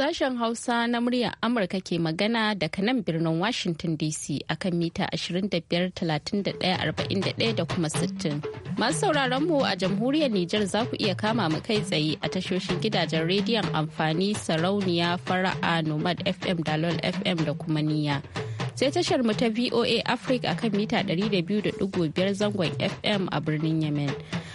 Sashen Hausa na muryar Amurka ke magana daga nan birnin Washington DC akan mita 25 da kuma 60. Masu sauraron mu a jamhuriyar Nijar za ku iya kama mu kai tsaye a tashoshin gidajen rediyon amfani sarauniya fara'a Nomad FM, Dalol FM da kuma niya. sai tashar mu ta VOA Africa akan mita 200.5 zangon FM a birnin Yemen.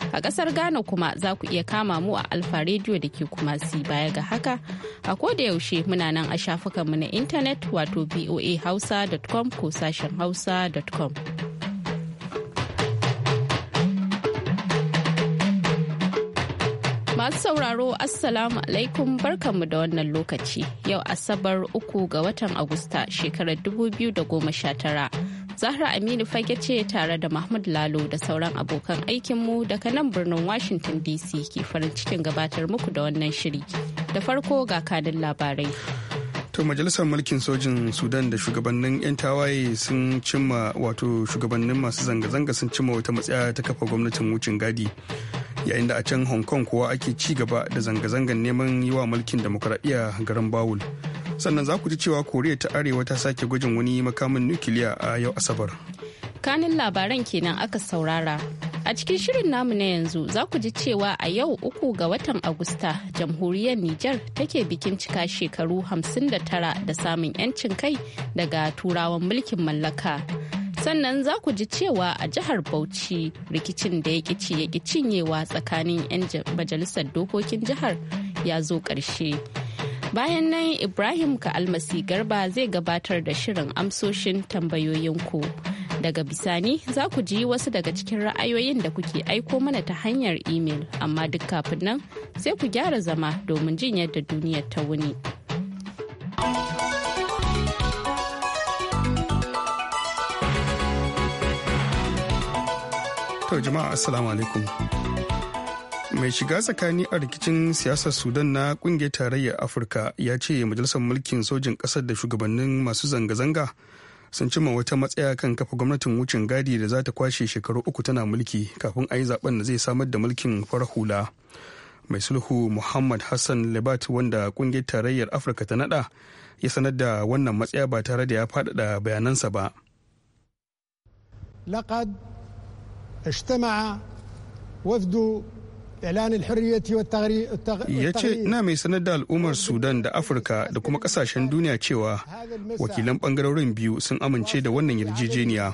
A kasar Ghana kuma za ku iya kama mu a Alfa Radio da ke kuma si baya ga haka. A ko da yaushe muna nan a mu na intanet wato voahausa.com ko sashen hausa.com. Masu sauraro Assalamu alaikum barkanmu da wannan lokaci yau Asabar uku ga watan Agusta shekarar 2019. Zahra Aminu fage ce tare da Mahmud Lalo da sauran abokan aikinmu daga nan birnin Washington DC ke farin cikin gabatar muku da wannan shiri. Da farko ga kanin labarai. To majalisar mulkin sojin Sudan da shugabannin 'yan tawaye sun cimma wato shugabannin masu zanga-zanga sun cimma wata matsaya ta kafa gwamnatin wucin gadi. yayin da a can hong kong kuwa ake ci gaba da zanga zangan neman yi wa mulkin demokuraɗiyya garin bawul sannan za ku ji cewa koriya ta arewa ta sake gwajin wani makamin nukiliya a yau asabar kanin labaran kenan aka saurara a cikin shirin namu na yanzu za ku ji cewa a yau uku ga watan agusta jamhuriyar niger take bikin cika shekaru 59 da samun 'yancin kai daga turawan mulkin mallaka sannan za ku ji cewa a jihar bauchi rikicin da ya ƙici ya ƙi cinyewa tsakanin 'yan majalisar dokokin jihar ya zo ƙarshe bayan nan ibrahim ka almasi garba zai gabatar da shirin amsoshin tambayoyinku daga bisani za ku ji wasu daga cikin ra'ayoyin da kuke aiko mana ta hanyar imel amma duk kafin nan sai ku gyara zama domin jin yadda duniyar ta wuni. To jama'a assalamu alaikum. Mai shiga tsakani a rikicin siyasar Sudan na kungiyar tarayyar Afirka ya ce majalisar mulkin sojin ƙasar da shugabannin masu zanga-zanga sun cimma wata matsaya kan kafa gwamnatin wucin gadi da za ta kwashe shekaru uku tana mulki kafin a yi zaɓen da zai samar da mulkin farar hula. Mai sulhu Muhammad Hassan Lebat wanda kungiyar tarayyar Afirka ta naɗa, ya sanar da wannan matsaya ba tare da ya faɗaɗa bayanansa ba. اجتمع وفد ya ce na mai sanar da al'ummar sudan da afirka da kuma kasashen duniya cewa wakilan bangarorin biyu sun amince da wannan yarjejeniya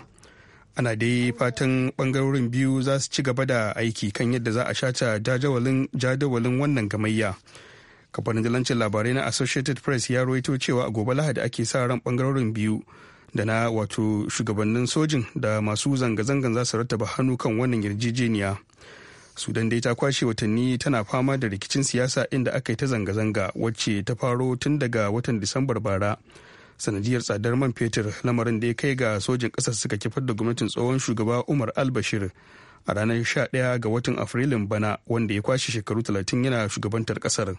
ana dai fatan bangarorin biyu za su ci gaba da aiki kan yadda za a shata jadawalin wannan gamayya kafin labarai na associated press ya rawaito cewa a gobe lahadi ake sa ran bangarorin biyu da na wato shugabannin sojin da masu zanga-zangan za su rattaba hannu kan wannan yarjejeniya sudan dai ta kwashe watanni tana fama da rikicin siyasa inda aka yi ta zanga-zanga wacce ta faro tun daga watan disambar bara sanadiyar tsadar man fetur lamarin da ya kai ga sojin kasar suka kifar da gwamnatin tsohon shugaba umar albashir a ranar 11 ga watan afrilun bana wanda ya kwashe shekaru 30 yana shugabantar kasar.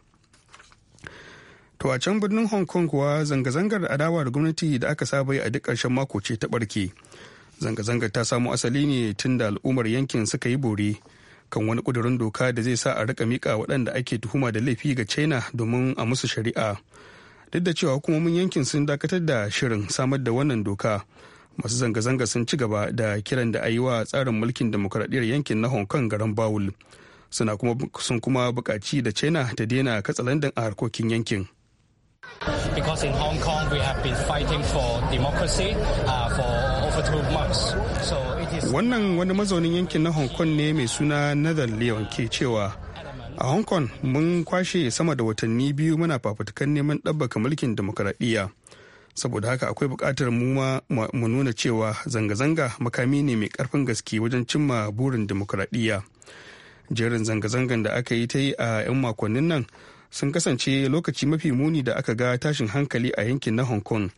To a can birnin Hong Kong kuwa zanga-zangar adawa da gwamnati da aka saba yi a duk ƙarshen mako ce ta ɓarke. Zanga-zangar ta samo asali ne tun da al'ummar yankin suka yi bore kan wani ƙudurin doka da zai sa a rika mika waɗanda ake tuhuma da laifi ga China domin a musu shari'a. Duk da cewa hukumomin yankin sun dakatar da shirin samar da wannan doka. masu zanga-zanga sun ci gaba da kiran da a yi wa tsarin mulkin demokuraɗiyyar yankin na hong kong garan bawul suna kuma sun kuma buƙaci da china ta daina katsalandan a harkokin yankin Because in Hong Kong we have been fighting for democracy uh, for over two months. So it is Wannan wani mazaunin yankin na Hong Kong ne mai suna Nathan Leon ke cewa a Hong Kong mun kwashe sama da watanni biyu muna fafutukan neman ɗabbaka mulkin demokaradiyya. saboda haka akwai buƙatar mu ma nuna cewa zanga-zanga makami ne mai ƙarfin gaske wajen cimma burin demokuraɗiyya jerin zanga-zangan da aka yi ta yi a 'yan makonnin nan sun kasance lokaci mafi muni da aka ga tashin hankali a yankin na hong kong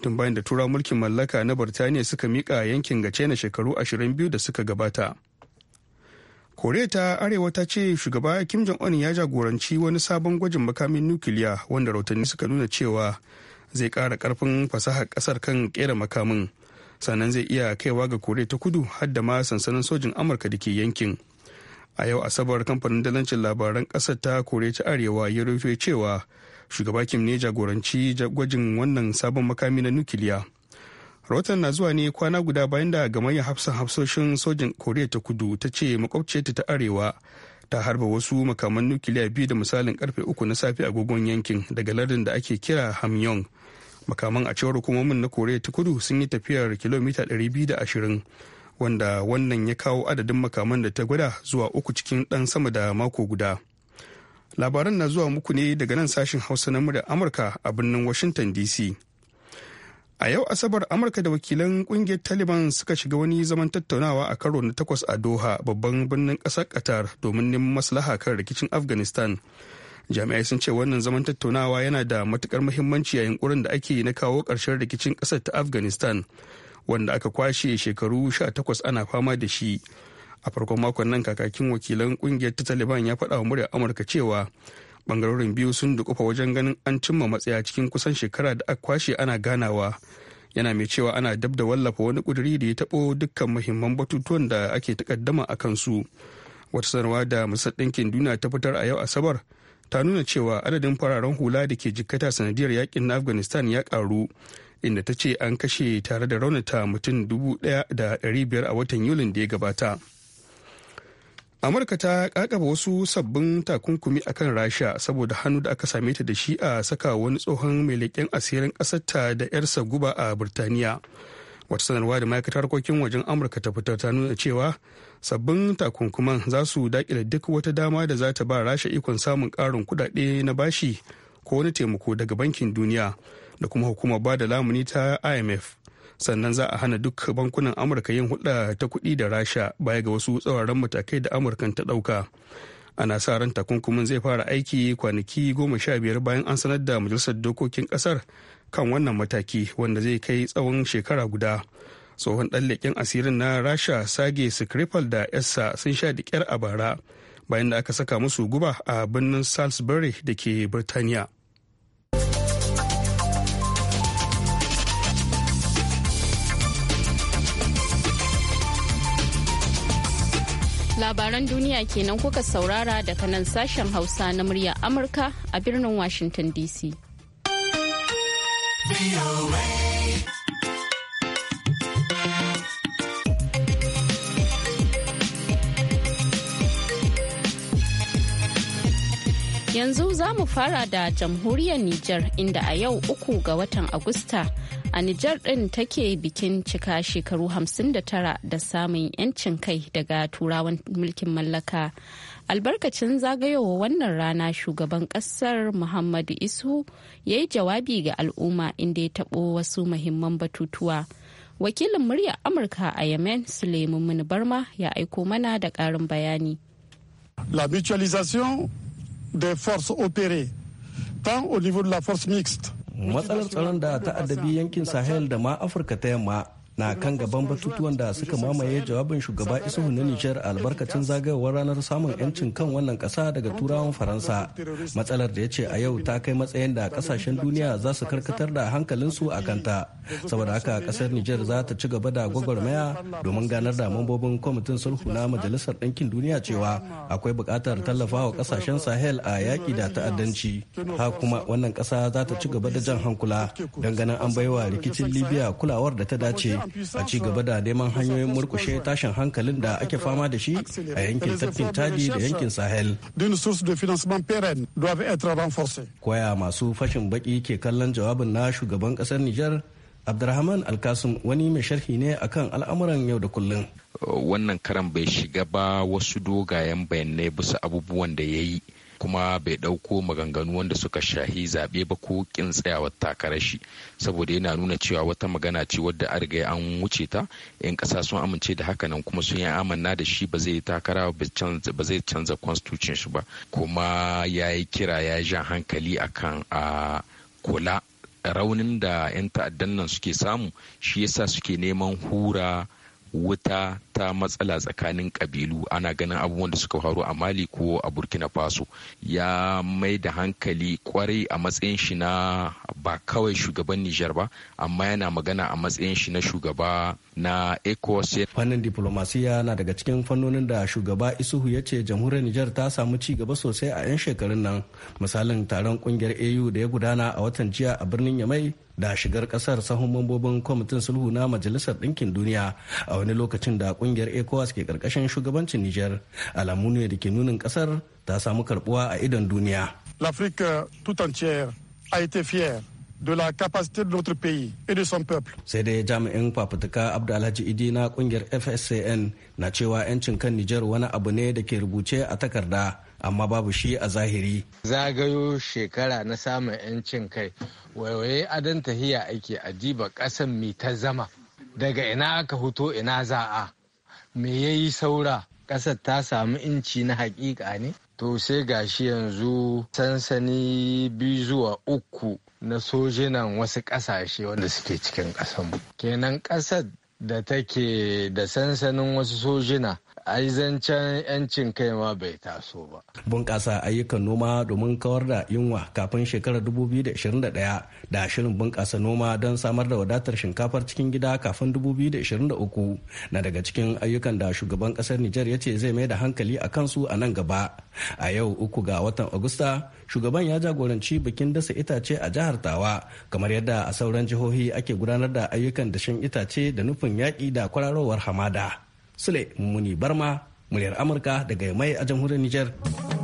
tun bayan da tura mulkin mallaka na birtaniya suka mika yankin ga china shekaru 22 da suka gabata korea ta arewa ta ce shugaba kim jong un ya jagoranci wani sabon gwajin makamin nukiliya wanda rautanni suka nuna cewa zai kara karfin fasahar kasar kan kera makamin sannan zai iya kaiwa ga korea ta kudu har da ma sansanin sojin amurka da ke yankin a yau asabar kamfanin dalancin labaran ƙasar ta kore ta arewa ya rufe cewa shugaba kim ne jagoranci gwajin wannan sabon makami na nukiliya rahoton na zuwa ne kwana guda bayan da gamayyar hafsan hafsoshin sojin koriya ta kudu ta ce makwabciyarta ta arewa ta harba wasu makaman nukiliya biyu da misalin karfe uku na safe agogon yankin daga lardin da ake kira hamyong makaman a cewar hukumomin na koriya ta kudu sun yi tafiyar kilomita 220 wanda wannan ya kawo adadin makaman da ta gwada zuwa uku cikin ɗan sama da mako guda labaran na zuwa muku ne daga nan sashen hausa na murya amurka a birnin washington dc a yau asabar amurka da wakilan kungiyar taliban suka shiga wani zaman tattaunawa a karo na takwas a doha babban birnin ƙasar qatar domin neman maslaha kan rikicin afghanistan jami'ai sun ce wannan zaman tattaunawa yana da matukar muhimmanci a yunkurin da ake na kawo ƙarshen rikicin ƙasar ta afghanistan wanda aka kwashe shekaru 18 ana fama da shi a farkon makon nan kakakin wakilan kungiyar ta taliban ya faɗa wa muryar amurka cewa bangarorin biyu sun dukufa wajen ganin an cimma matsaya cikin kusan shekara da aka kwashe ana ganawa yana mai cewa ana dab da wallafa wani kuduri da ya taɓo dukkan muhimman batutuwan da ake takaddama a kansu wata sanarwa da masar ɗinkin duniya ta fitar a yau asabar ta nuna cewa adadin fararen hula da ke jikkata sanadiyar yakin na afghanistan ya karu inda ta ce an kashe tare da raunata mutum dubu da biyar a watan yulin da ya gabata amurka ta kakaba wasu sabbin takunkumi a kan rasha saboda hannu da aka same ta da shi a saka wani tsohon mai leƙen asirin ƙasarta da 'yarsa guba a birtaniya wata sanarwa da ma'aikatar harkokin wajen amurka ta fitar ta nuna cewa sabbin takunkuman za su daƙile duk wata dama da za ta ba rasha ikon samun ƙarin kuɗaɗe na bashi ko wani taimako daga bankin duniya da kuma hukumar ba da lamuni ta imf sannan za a hana duk bankunan amurka yin hulɗa ta kuɗi da rasha baya ga wasu tsawaran matakai da amurkan ta ɗauka ana sa ran takunkumin zai fara aiki kwanaki goma sha biyar bayan an sanar da majalisar dokokin ƙasar kan wannan mataki wanda zai kai tsawon shekara guda tsohon ɗan leƙen asirin na rasha sage skripal da essa sun sha da a bara bayan da aka saka musu guba a birnin salisbury da ke birtaniya Labaran duniya kenan kuka saurara daga nan sashen Hausa na murya Amurka a birnin Washington DC. Yanzu za mu fara da jamhuriyar Nijar inda a yau uku ga watan Agusta a Nijar ɗin take bikin cika shekaru 59 da samun 'yancin kai daga turawan mulkin mallaka. Albarkacin zagayowa wannan rana shugaban kasar Muhammadu Isu ya yi jawabi ga al'umma inda ya taɓo wasu muhimman batutuwa. Wakilin murya Amurka a Yemen Suleiman Barma ya aiko mana da ƙarin bayani. La mutualisation des forces opérées tant au niveau de la force mixte matsalar tsaron da ta'addabi yankin sahel da ma afirka ta yamma na kan gaban batutuwan da suka mamaye jawabin shugaba isuhu na nijar albarkacin zagayowar ranar samun 'yancin kan wannan kasa daga turawan faransa matsalar da ya ce a yau ta kai matsayin da kasashen duniya za su karkatar da hankalinsu a kanta saboda haka kasar nijar za ta ci gaba da gwagwarmaya domin ganar da mambobin kwamitin sulhu na majalisar ɗinkin duniya cewa akwai buƙatar tallafawa kasashen sahel a yaƙi da ta'addanci ha kuma wannan ƙasa za ta ci gaba da jan hankula don ganin an baiwa rikicin libya kulawar da ta dace a ci gaba da neman hanyoyin murkushe tashin hankalin da ake fama da shi a yankin tafkin tadi da yankin sahel koya masu fashin baki ke kallon jawabin na shugaban kasar nijar abdulrahman alkasim wani mai sharhi ne akan al'amuran yau da kullum wannan karan bai shiga ba wasu dogayen bayanai bisa abubuwan da ya yi kuma bai ɗauko maganganu wanda suka shahi zaɓe ba ko ƙin tsayawar takarar shi saboda yana nuna cewa wata magana ce wadda an riga an wuce ta yan ƙasa sun amince da haka kuma sun yi amanna da shi ba zai takara ba zai canza constitution shi ba kuma ya yi kira ya jan hankali akan a kula raunin da 'yan ta'addan nan suke samu shi yasa suke neman hura wuta ta matsala tsakanin kabilu ana ganin abubuwan da suka faru a mali ko a burkina faso ya mai da hankali kwarai a matsayin shi na ba kawai shugaban nijar ba amma yana magana a matsayin shi na shugaba na ecos fannin diplomasiya na daga cikin fannonin da shugaba isuhu ya ce jamhuriyar nijar ta samu ci gaba sosai a 'yan shekarun nan misalin taron kungiyar au da ya gudana a watan jiya a birnin yamai da shigar kasar sahun mambobin kwamitin sulhu na majalisar ɗinkin duniya a wani lokacin da kungiyar ecowas ke karkashin shugabancin niger alamu ne da ke nunin kasar ta samu karbuwa a idon duniya l'afrique tout entière a été fière de la capacité de notre pays et de son peuple. Sai dai jami'in fafutuka abdullahi idina Idi na kungiyar FSCN na cewa 'yancin kan Nijar wani abu ne da ke rubuce a takarda amma babu shi a zahiri. Zagayo shekara na samun 'yancin kai waiwaye adan tahiya ake adiba ƙasan mi ta zama daga ina aka huto ina za'a. me ya yi saura ƙasar ta samu inci na haƙiƙa ne to sai gashi yanzu sansani biyu zuwa uku na sojinan wasu ƙasashe wanda suke cikin ƙasanmu kenan ƙasar da take da sansanin wasu sojina ai zancen yancin kai ma bai taso ba. Bunƙasa ayyukan noma domin kawar da yunwa kafin shekarar 2021 da shirin bunƙasa noma don samar da wadatar shinkafar cikin gida kafin 2023 na daga cikin ayyukan da shugaban ƙasar Nijar ya ce zai mai da hankali a kansu a nan gaba. A yau uku ga watan Agusta, shugaban ya jagoranci bikin dasa itace a jihar Tawa kamar yadda a sauran jihohi ake gudanar da ayyukan dashen itace da nufin yaƙi da kwararowar hamada. Sule Muni Barma, muryar Amurka daga mai a jamhuriyar Nijar.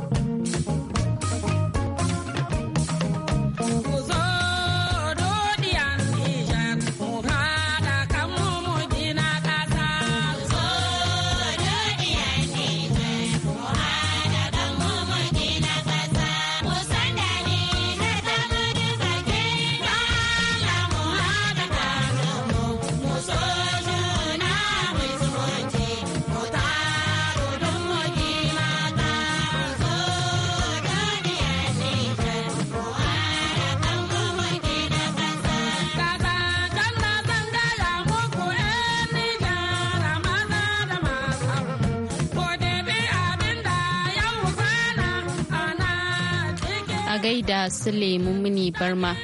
gaida sulemu mini barma.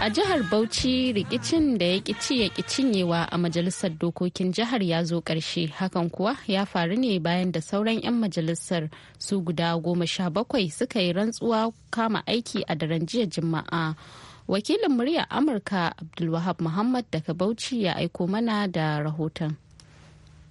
A jihar Bauchi rikicin da ya kici ya cinyewa a majalisar dokokin jihar ya zo karshe hakan kuwa ya faru ne bayan da sauran 'yan majalisar su guda goma sha bakwai suka yi rantsuwa kama aiki a daren jiya Juma'a. Wakilin murya Amurka Abdulwahab Muhammad daga Bauchi ya aiko mana da rahoton.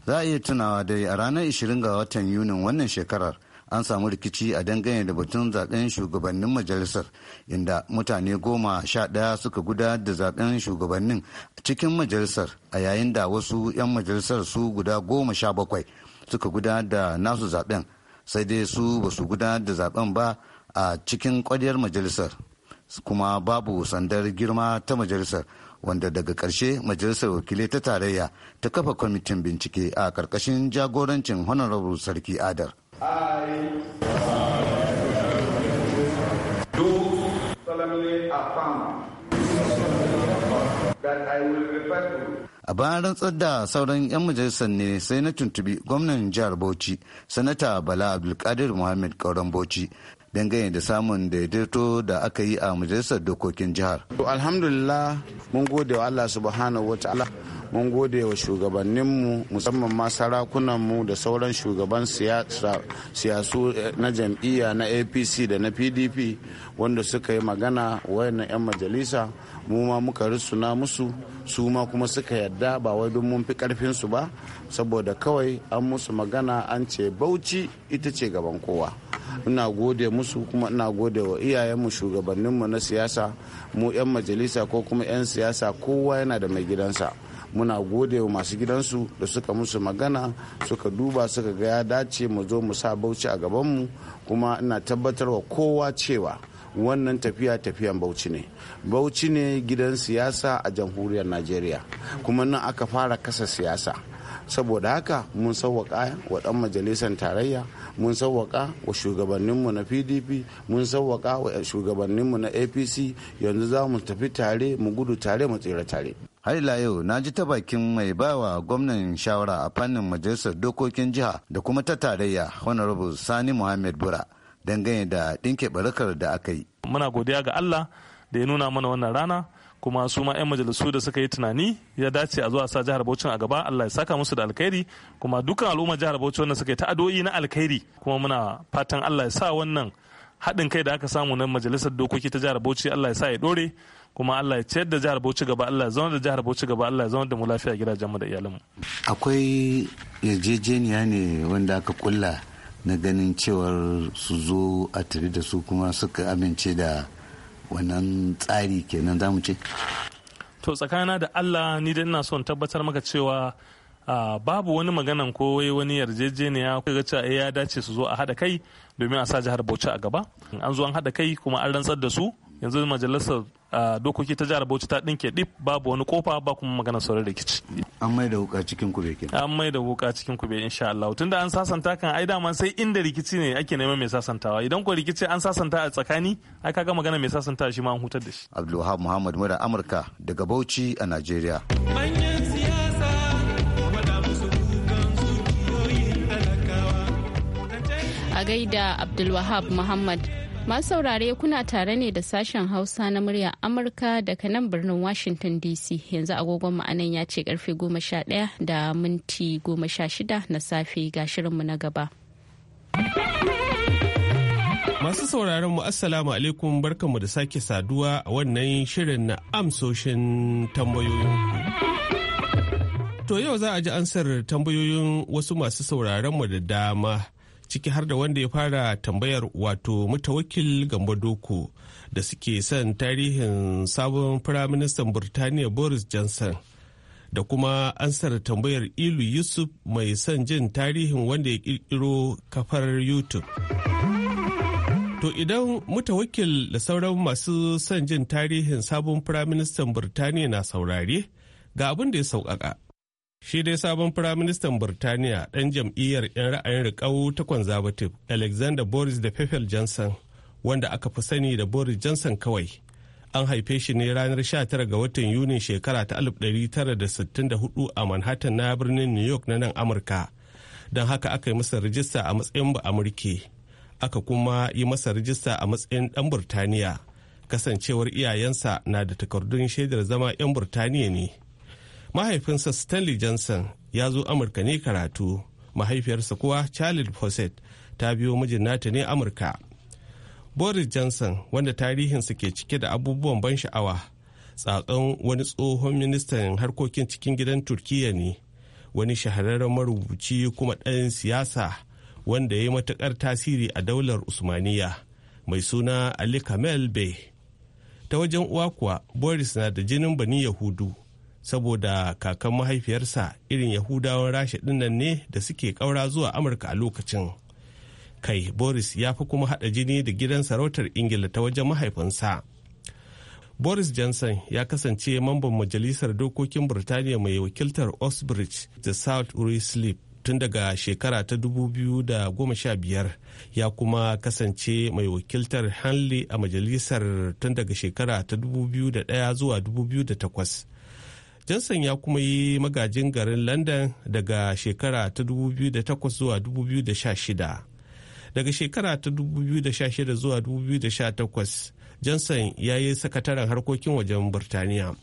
Za a iya tunawa dai a ranar 20 ga watan Yunin wannan shekarar. an samu rikici a dangane da batun zaben shugabannin majalisar inda mutane goma sha ɗaya suka gudanar da zaben shugabannin cikin majalisar a yayin da wasu 'yan majalisar su guda goma sha bakwai suka guda da nasu zaben sai dai su ba su gudanar da zaben ba a cikin kwadiyar majalisar kuma babu sandar girma ta majalisar wanda daga ƙarshe majalisar wakilai ta tarayya ta kafa kwamitin bincike a ƙarƙashin jagorancin honorable sarki adar Do solemnly affirm that I will refer to a bayan rantsar da sauran 'yan majalisar ne sai na tuntubi gwamnan jihar bauchi sanata bala abdulkadir muhammad kauran bauchi dangane da samun daidaito da aka yi a majalisar dokokin jihar. alhamdulillah mun gode wa allah subhanahu wa ta'ala mun gode wa shugabanninmu musamman ma sarakunanmu da sauran shugaban siyasu eh, na jam'iyya na apc da na pdp wanda suka yi magana wayannan 'yan majalisa mu ma muka rusuna musu su ma kuma suka yadda ba wai don mun fi karfin su ba saboda kawai an musu magana an ce bauchi ita ce gaban kowa ina gode musu kuma ina gode wa iyayenmu shugabanninmu na siyasa mu 'yan majalisa ko kuma 'yan siyasa kowa yana da mai gidansa muna gode wa masu gidansu da suka musu magana suka duba suka ga ya dace mu zo mu sa bauchi a gabanmu kuma ina tabbatar wa kowa cewa wannan tafiya tafiyan bauchi ne bauchi ne gidan siyasa a jamhuriyar najeriya kuma nan aka fara kasa siyasa saboda haka mun sauwaka wa dan majalisar tarayya mun sauwaka wa shugabanninmu na pdp mun sauwaka wa shugabanninmu na apc yanzu za mu tafi tare mu gudu tare mu tsira tare har ila yau na ji ta bakin mai bawa gwamnan shawara a fannin majalisar dokokin jiha da kuma ta tarayya honorable sani muhammad bura dangane da ɗinke barakar da aka yi. Muna godiya ga Allah da ya nuna mana wannan rana kuma su ma 'yan majalisu da suka yi tunani ya dace a zuwa sa jihar Bauchi a gaba Allah ya saka musu da alkhairi kuma dukkan al'ummar jihar Bauchi wanda suka yi ta'adoyi na alkhairi kuma muna fatan Allah ya sa wannan haɗin kai da aka samu na majalisar dokoki ta jihar Bauchi Allah ya sa ya dore kuma Allah ya ciyar da jihar Bauchi gaba Allah ya zaunar da jihar Bauchi gaba Allah ya zaunar da mu lafiya gidajenmu da iyalanmu. Akwai yarjejeniya ne wanda aka kulla na ganin cewar su zo a tafi da su kuma suka amince da wannan tsari kenan za ce to tsakana da allah ni da ina son tabbatar maka cewa babu wani maganan ko wani yarjejeniya ko ga cewa eh, ya dace su zo a haɗa kai domin a sa jihar bauchi a gaba an zo an haɗa kai kuma an rantsar da su yanzu majalisar dokoki ta jihar bauchi ta ɗinke dip babu wani kofa ba kuma magana sauran rikici an mai da wuka cikin kube ke an mai da wuka cikin kube insha Allah tunda an sasanta kan ai dama sai inda rikici ne ake neman mai sasantawa idan ko rikici an sasanta a tsakani ai kaga magana mai sasanta shi ma an hutar da shi Abdulwahab Muhammad mura Amurka daga Bauchi a Najeriya a gaida Abdulwahab Muhammad Masu saurare kuna tare ne da sashen Hausa na murya Amurka daga nan birnin Washington DC yanzu agogon ma'anan ya ce karfe 11 da minti 16 na safe ga shirinmu na gaba. Masu sauraron mu Assalamu alaikum barkanmu da sake saduwa a wannan shirin na amsoshin tambayoyin. To yau za a ji ansar tambayoyin wasu masu sauraron mu da dama ciki har da wanda ya fara tambayar wato mutawakil gamba doko da suke son tarihin sabon firaministan burtaniya boris johnson da kuma ansar tambayar ilu yusuf mai son jin tarihin wanda ya kirkiro kafar youtube to idan mutawakil da sauran masu son jin tarihin sabon firaministan burtaniya na saurare ga abin da ya sauƙaƙa Shi dai sabon firaministan birtaniya ɗan jam'iyyar 'yan ra'ayin riƙau ta Conservative Alexander Boris da Pepel Johnson wanda aka fi sani da Boris Johnson kawai. An haife shi ne ranar 19 ga watan yuni shekara ta 1964 a Manhattan na birnin New York na nan Amurka. Don haka aka yi masa rijista a matsayin ba Amurki. Aka kuma yi masa rijista a matsayin ɗan Burtaniya. Kasancewar iyayensa na da takardun shaidar zama 'yan Burtaniya ne. mahaifinsa stanley johnson ya zo amurka ne karatu mahaifiyarsa kuwa charles fawcett ta biyo mijin nata ne amurka boris johnson wanda tarihinsa ke cike da abubuwan ban sha'awa tsatson wani tsohon ministan harkokin cikin gidan turkiya ne wani shahararren marubuci kuma ɗan siyasa wanda ya yi matuƙar tasiri a daular usmaniya mai suna ali kamel bey ta wajen uwa kuwa boris na da jinin bani yahudu saboda kakan mahaifiyarsa irin yahudawan rasha dinnan ne da suke ƙaura zuwa amurka a lokacin kai boris ya fi kuma hada jini da gidan sarautar ingila ta wajen mahaifinsa boris johnson ya kasance mamban majalisar dokokin burtaniya mai wakiltar osbridge the south sleep tun daga shekara ta 2015 ya kuma kasance mai wakiltar hanley a majalisar tun daga shekara ta 2001 zuwa 2008 johnson ya kuma yi magajin garin london daga shekara ta 2008 zuwa 2016 daga shekara ta 2016 zuwa 2018 johnson ya yi sakataren harkokin wajen burtaniya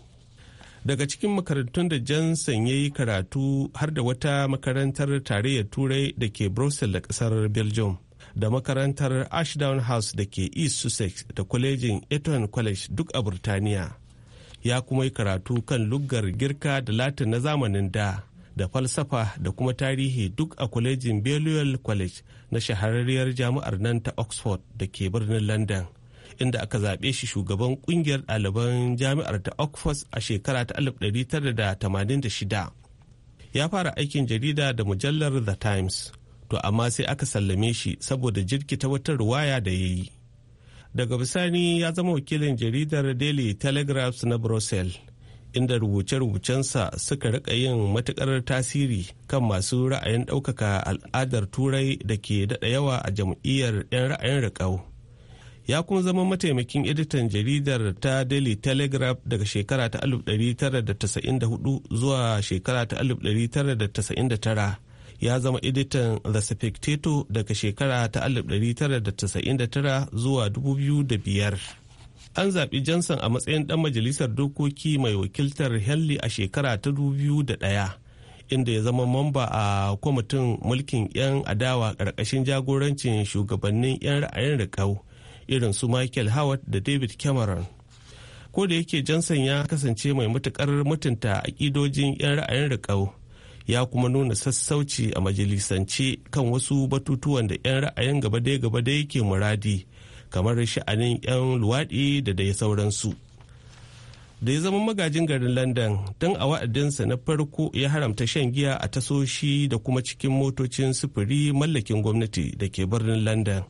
daga cikin makarantun da johnson ya yi karatu har da wata makarantar tarayyar turai da ke brussels da kasar belgium da makarantar ashdown house da ke east sussex da kwalejin eton college duk a burtaniya ya kuma yi karatu kan luggar girka da latin na zamanin da da falsafa da kuma tarihi duk a kwalejin Balliol College na shahararriyar jami'ar nan ta Oxford da ke birnin London. inda aka zaɓe shi shugaban ƙungiyar ɗaliban jami'ar ta Oxford a shekara ta alif da da shida. Ya fara aikin jarida da mujallar The Times, to amma sai aka sallame shi saboda jirkita wata ruwaya da ya yi. daga bisani ya zama wakilin jaridar daily telegraphs na brussels inda rubuce-rubucensa suka rika yin matukar tasiri kan masu ra'ayin ɗaukaka al'adar turai da ke daɗa yawa a jam'iyyar 'yan ra'ayin riƙau ya kuma zama mataimakin editan jaridar ta daily telegraph daga shekara ta 1994 zuwa shekara ta 1999 ya zama editan The Spectator daga shekara ta 1999 zuwa 2005. An zaɓi Johnson a matsayin ɗan majalisar dokoki mai wakiltar Henley a shekara ta da ɗaya inda ya zama mamba a kwamitin mulkin 'yan adawa ƙarƙashin jagorancin shugabannin 'yan ra'ayin rikau irin su Michael Howard da David Cameron. Ko da yake Johnson ya kasance mai matuƙar mutunta aƙidojin 'yan ra'ayin riƙau. ya kuma nuna sassauci a majalisance kan wasu batutuwan da 'yan ra'ayin gaba daya-gaba daya ke muradi kamar sha'anin 'yan luwaɗi da dai sauransu da ya zama magajin garin london tun a wa'adinsa na farko ya haramta shan giya a tasoshi da kuma cikin motocin sufuri mallakin gwamnati da ke birnin london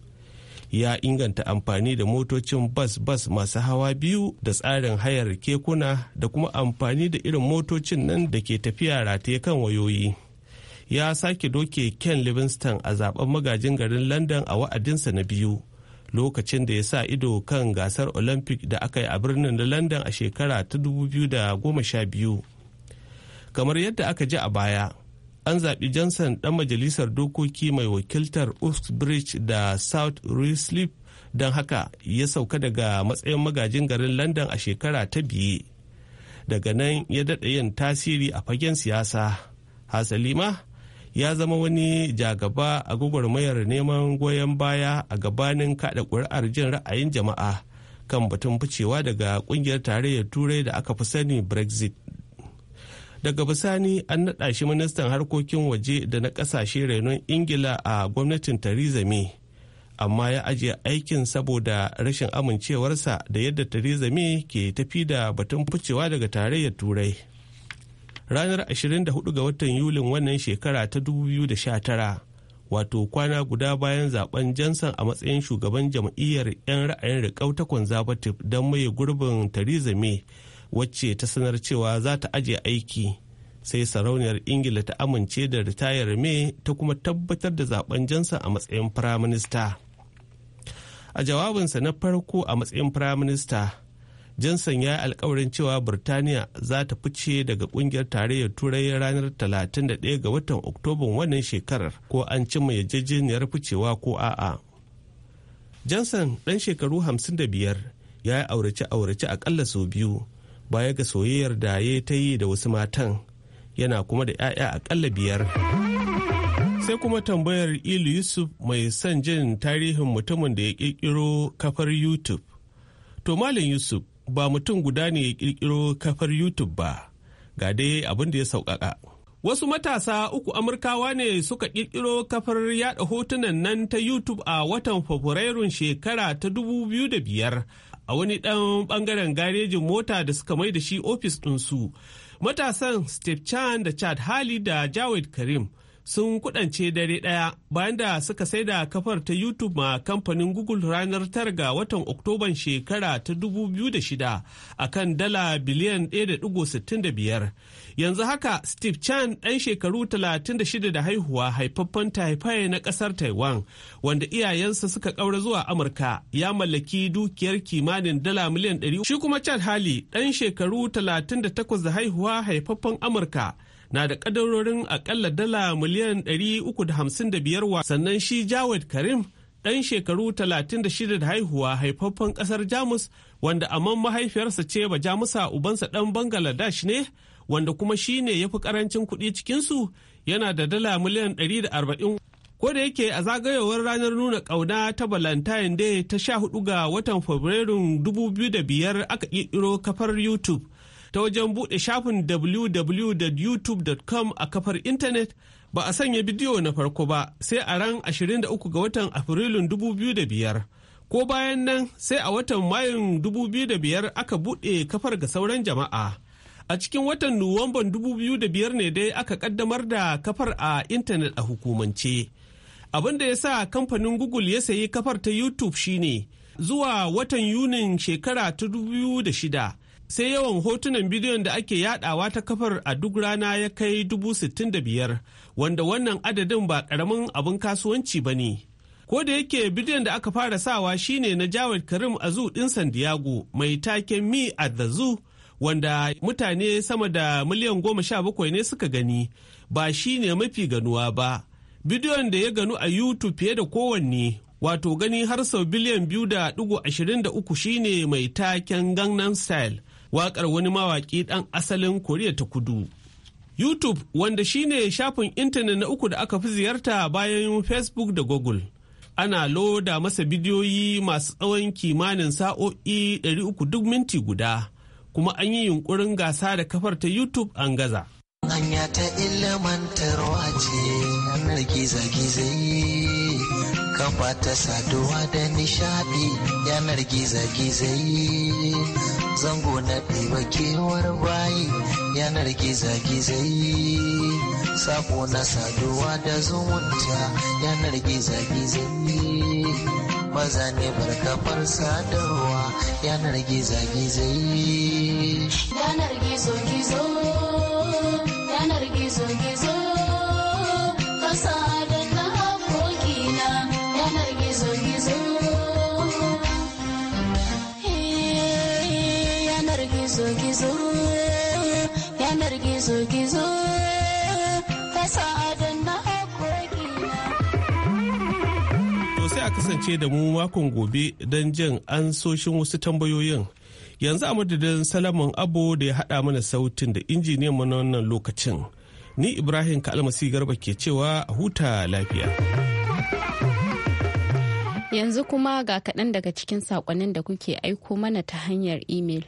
ya inganta amfani da motocin bas-bas masu hawa biyu da tsarin hayar kekuna da kuma amfani da irin motocin nan da ke tafiya rataye kan wayoyi ya sake doke ken livingston a zaben magajin garin london a wa'adinsa na biyu lokacin da ya sa ido kan gasar olympic da aka yi a birnin da london a shekara ta 2012 kamar yadda aka ji a baya an zaɓi johnson ɗan majalisar dokoki mai wakiltar uxbridge da south ruislip don haka ya sauka daga matsayin magajin garin london a shekara ta biye daga nan ya daɗa yin tasiri a fagen siyasa hasalima ya zama wani jagaba a mayar neman goyon baya a gabanin kaɗa ƙuri'ar jin ra'ayin jama'a kan batun ficewa daga ƙungiyar tarayyar turai da aka fi sani brexit daga bisani an naɗa shi ministan harkokin waje da na ƙasashe renon ingila a gwamnatin theresa may amma ya ajiye aikin saboda rashin amincewarsa da yadda theresa may ke tafi da batun ficewa daga tarayyar turai ranar 24 ga watan yulin wannan shekara ta 2019 wato kwana guda bayan zaben jansan a matsayin shugaban jam'iyyar 'yan ra'ayin riƙau ta conservative don maye gurbin theresa wacce ta sanar cewa za ta aje aiki sai sarauniyar ingila ta amince da ritayar me ta kuma tabbatar da zaben jansa a matsayin firaminista a jawabinsa na farko a matsayin firaminista jansan ya yi alkawarin cewa birtaniya za ta fice daga kungiyar tarayyar turai ranar 31 ga watan oktoban wannan shekarar ko an cimma yarjejeniyar ficewa ko a'a jansan ɗan shekaru 55 ya yi aurace-aurace akalla sau biyu baya ga soyayyar da ya ta yi da wasu matan yana kuma da 'ya'ya akalla biyar sai kuma tambayar ilu yusuf mai son jin tarihin mutumin da ya kirkiro kafar youtube to malam yusuf ba mutum guda ne ya kirkiro kafar youtube ba ga dai abin da ya sauƙaƙa wasu matasa uku amurkawa ne suka kirkiro kafar yada hotunan nan ta youtube a watan fabrairun shekara ta 2005 a wani ɗan ɓangaren garejin mota da suka mai da shi ofis ɗinsu. Matasan Steve Chan da Chad Hali da Jawed Karim sun kudance dare ɗaya bayan da suka sai da kafar ta YouTube ma kamfanin Google ranar tara ga watan Oktoban shekara ta 2006 akan dala biliyan 1.65. Yanzu haka Steve Chan ɗan shekaru 36 da haihuwa haifaffen taifai na ƙasar Taiwan wanda iyayensa suka ƙaura zuwa Amurka ya mallaki dukiyar kimanin dala miliyan 100. Shi kuma Chad Hali ɗan shekaru 38 da haihuwa haifaffen Amurka na da kadarorin akalla dala miliyan 355 wa sannan shi Jawed Karim ɗan shekaru 36 da haihuwa haifaffen ƙasar Jamus wanda amman mahaifiyarsa ce ba Jamusa ubansa ɗan Bangladesh ne wanda kuma shi ne ya fi karancin kuɗi cikinsu yana da dala miliyan 140 ko da yake a zagayowar ranar nuna ƙauna ta valentine day ta 14 ga watan fabrairun 2005 aka ƙirƙiro kafar youtube ta wajen buɗe shafin www.youtube.com a kafar intanet ba a sanya bidiyo na farko ba sai a ran 23 ga watan afrilun 2005 ko bayan nan sai a watan mayun 2005 aka buɗe kafar ga sauran jama'a A cikin watan Nuwamban 2005 ne dai aka kaddamar da kafar a intanet a hukumance. Abin da ya sa kamfanin Google ya sayi kafar ta YouTube shine zuwa watan Yunin shekara ta 2006 sai yawan hotunan bidiyon da ake yadawa ta kafar a duk rana ya kai 65,000 wanda wannan adadin ba karamin abin kasuwanci ba ne. ko da yake bidiyon da aka fara sawa shine na jawar Karim a zoo din San Diego mai taken Me at the Zoo wanda mutane sama da miliyan goma sha bakwai ne suka gani ba shi ne mafi ganuwa ba bidiyon da ya ganu a youtube fiye da kowanne wato gani har sau biliyan biyu da dugu ashirin da uku shine mai taken gangnam style waƙar wani mawaƙi ɗan asalin koriya ta kudu youtube wanda shine shafin intanet na uku da aka fi ziyarta bayan facebook da google ana loda masa bidiyoyi masu tsawon kimanin sa'o'i 300 duk minti guda kuma an yi yunkurin gasa da kafar ta YouTube an gaza. Hanya ta ilmantarwa ce yanar gizagizai kafa ta saduwa da nishadi yanar gizagizai zango na ɗiba kewar bayi yanar gizagizai sako na saduwa da zumunta yanar gizagizai maza ne barkafar sadarwa yanar gizagizai yanar gizo gizo yanar gizo gizo kasa da na abokina yanar gizo gizo yanar gizo gizo yanar gizo gizo kasa da na sai a kasance da mu makon gobe don jin ansoshin wasu tambayoyin yanzu a madadin salamun abu da ya haɗa mana sautin da injiniyan mu wannan lokacin ni ibrahim kalmasi garba ke cewa a huta lafiya yanzu kuma ga kaɗan daga cikin saƙonnin da kuke aiko mana ta hanyar imel.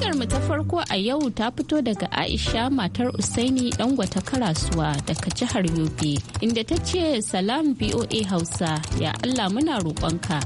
Wasikar mu ta farko a yau ta fito daga Aisha matar Usaini gwata Karasuwa daga jihar Yobe inda ta ce salam BOA Hausa ya Allah muna roƙonka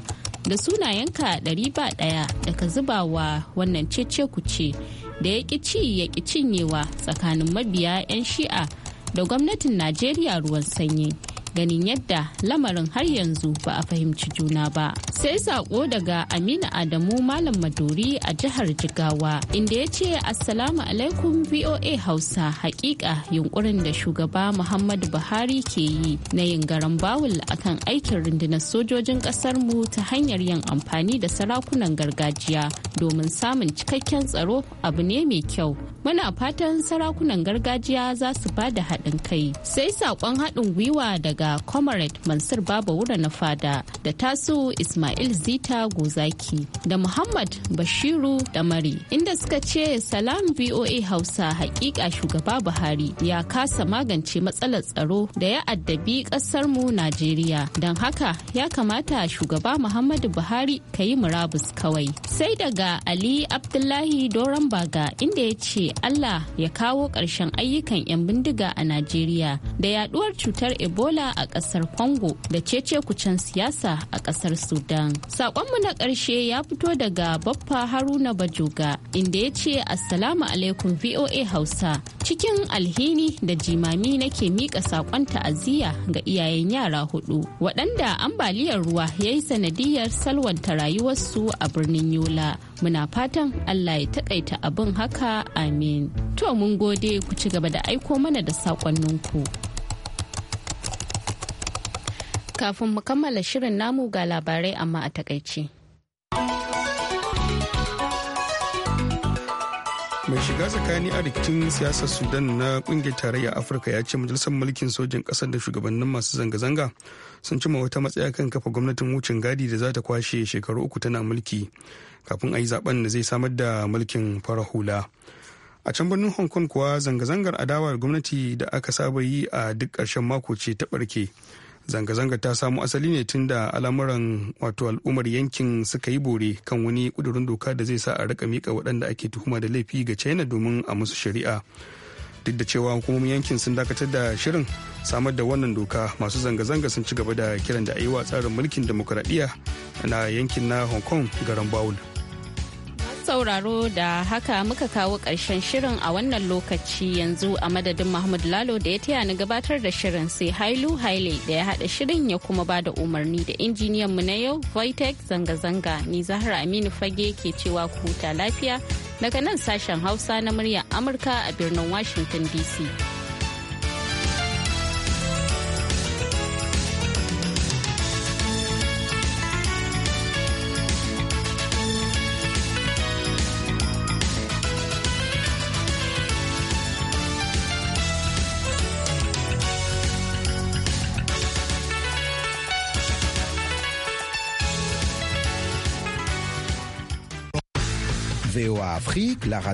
da sunayenka ɗari ba ɗaya daga zubawa wannan cece ku ce da ya ƙi ci ya ƙi cinyewa tsakanin mabiya 'yan shi'a da gwamnatin Najeriya ruwan sanyi. ganin yadda lamarin har yanzu ba a fahimci juna ba sai sako daga amina adamu malam maduri a jihar jigawa inda ya ce assalamu alaikum voa hausa hakika yunkurin da shugaba muhammadu buhari ke yi na yin garan bawul akan aikin rundunar sojojin kasar mu ta hanyar yin amfani da sarakunan gargajiya domin samun cikakken tsaro abu ne mai kyau muna fatan sarakunan gargajiya za su ba da haɗin kai sai saƙon haɗin gwiwa daga comrade mansur baba wura na fada da tasu ismail zita gozaki da muhammad bashiru damari inda suka ce salam voa hausa haƙiƙa shugaba buhari ya kasa magance matsalar tsaro da ya addabi mu najeriya don haka ya kamata shugaba muhammadu buhari ka yi murabus kawai sai daga ali abdullahi doron baga inda ya ce Allah ya kawo ƙarshen ayyukan 'yan bindiga a Najeriya da yaduwar cutar Ebola a ƙasar Congo da cece kucen siyasa a ƙasar Sudan. Saƙonmu na ƙarshe ya fito daga Baffa Haruna Bajoga inda ya ce Assalamu alaikum VOA Hausa. Cikin alhini da jimami nake miƙa saƙon ta'aziyya ga iyayen yara hudu waɗanda ambaliyar ruwa ya yi sanadiyar salwanta rayuwarsu a birnin Yola. Muna fatan Allah ya taƙaita abin haka amin. amin to mun gode ku ci gaba da aiko mana da ku. kafin mu kammala shirin namu ga labarai amma a takaice mai shiga tsakani a rikicin siyasar sudan na kungiyar tarayya afirka ya ce majalisar mulkin sojin kasar da shugabannin masu zanga-zanga sun cima wata matsaya kan kafa gwamnatin wucin gadi da za ta kwashe shekaru uku tana mulki kafin a yi zaben da zai samar da mulkin fara hula a can birnin hong kong kuwa zanga-zangar adawar gwamnati da aka saba yi a duk ƙarshen mako ce ta ɓarke zanga-zangar ta samo asali ne tun da al'amuran wato al'ummar yankin suka yi bore kan wani ƙudurin doka da zai sa a rika miƙa waɗanda ake tuhuma da laifi ga china domin a musu shari'a duk da cewa hukumomin yankin sun dakatar da shirin samar da wannan doka masu zanga-zanga sun ci gaba da kiran da a yi wa tsarin mulkin demokuraɗiyya na yankin na hong kong garan bawul. sauraro da haka muka kawo ƙarshen shirin a wannan lokaci yanzu a madadin Mahmud Lalo da ya taya ni gabatar da shirin sai Hailu Haile da ya haɗa shirin ya kuma ba da umarni da injiniyan mu na yau Voitech zanga-zanga ni Zahra Aminu Fage ke cewa ku huta lafiya daga nan sashen Hausa na muryar Amurka a birnin Washington DC. Afrique, la radio